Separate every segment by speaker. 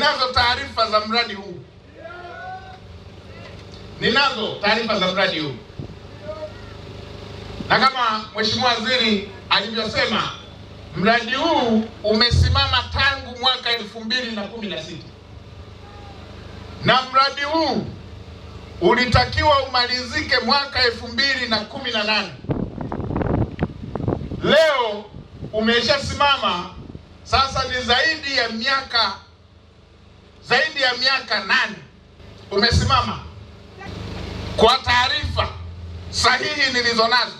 Speaker 1: Ninazo taarifa za mradi huu, ninazo taarifa za mradi huu, na kama mheshimiwa waziri alivyosema, mradi huu umesimama tangu mwaka elfu mbili na kumi na sita na mradi huu ulitakiwa umalizike mwaka elfu mbili na kumi na nane leo umeshasimama sasa, ni zaidi ya miaka zaidi ya miaka nane umesimama. Kwa taarifa sahihi nilizo nazo,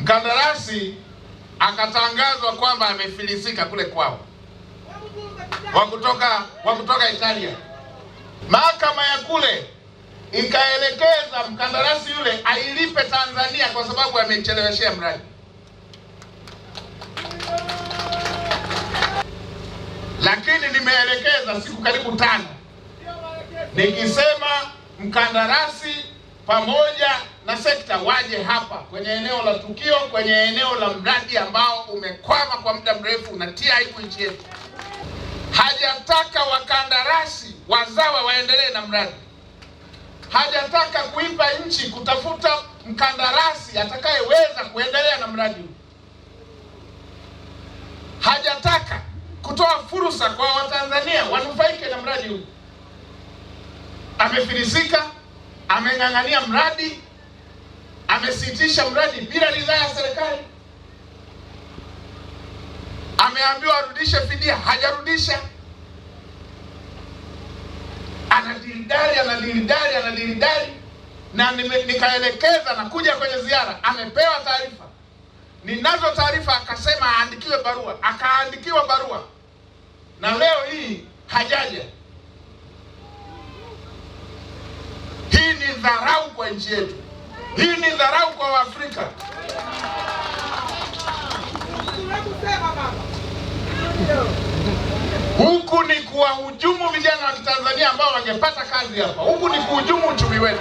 Speaker 1: mkandarasi akatangazwa kwamba amefilisika kule kwao, wa kutoka wa kutoka Italia. Mahakama ya kule ikaelekeza mkandarasi yule ailipe Tanzania kwa sababu amecheleweshea mradi. lakini nimeelekeza siku karibu tano nikisema mkandarasi pamoja na sekta waje hapa kwenye eneo la tukio, kwenye eneo la mradi ambao umekwama kwa muda mrefu, unatia aibu nchi yetu. Hajataka wakandarasi wazawa waendelee na mradi, hajataka kuipa nchi kutafuta mkandarasi atakayeweza kuendelea na mradi huu, hajataka kutoa fursa kwa Watanzania wanufaike na mradi huu. Amefilisika, ameng'ang'ania mradi, amesitisha mradi bila ridhaa ya serikali, ameambiwa arudishe fidia, hajarudisha. anadiridari anadiridari, anadiridari na nikaelekeza na kuja kwenye ziara, amepewa taarifa, ninazo taarifa, akasema aandikiwe barua, akaandikiwa barua na leo hii hajaja. Hii ni dharau kwa nchi yetu, hii ni dharau kwa Waafrika. Huku ni kuwahujumu vijana wa Kitanzania ambao wangepata kazi hapa, huku ni kuhujumu uchumi wetu.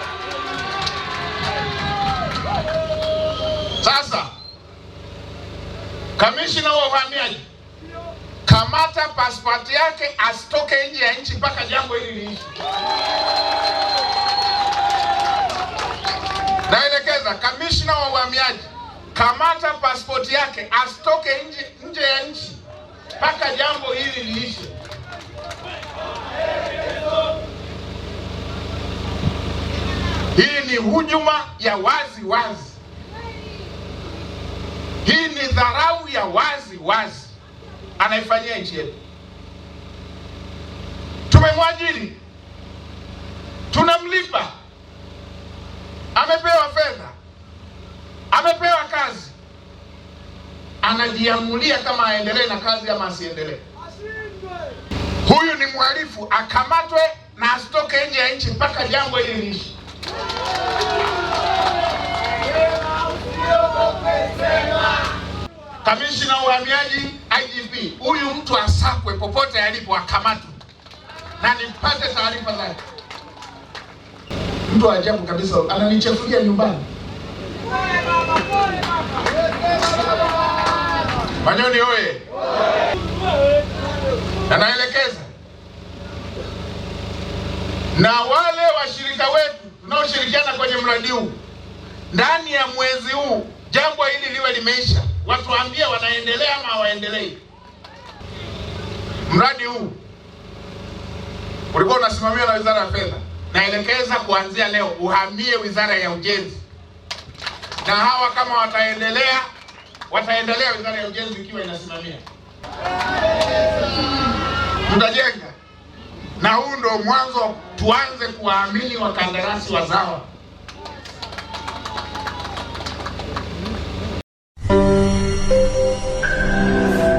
Speaker 1: hata pasipoti yake asitoke nje ya nchi mpaka jambo hili liishi. Naelekeza kamishna wa uhamiaji, kamata pasipoti yake asitoke nje nje ya nchi mpaka jambo hili liishi. Hii ni hujuma ya wazi wazi, hii ni dharau ya wazi wazi anaifanyia nchi yetu. Tumemwajiri, tunamlipa, amepewa fedha, amepewa kazi, anajiamulia kama aendelee na kazi ama asiendelee. Huyu ni mhalifu, akamatwe na asitoke nje ya nchi mpaka jambo hili liishi. Kamishna uhamiaji hivi, huyu mtu asakwe popote alipo, akamatwe na nimpate taarifa zake. Mtu ajabu kabisa, ananichefulia nyumbani. Manyoni oye! Anaelekeza na wale washirika wetu tunaoshirikiana kwenye mradi huu, ndani ya mwezi huu jambo hili liwe limeisha, watuambie wanaendelea ama hawaendelei. Mradi huu ulikuwa unasimamiwa na Wizara ya Fedha, naelekeza kuanzia leo uhamie Wizara ya Ujenzi, na hawa kama wataendelea wataendelea Wizara ya Ujenzi ikiwa inasimamia, tutajenga. Na huu ndio mwanzo, tuanze kuwaamini wakandarasi wazawa.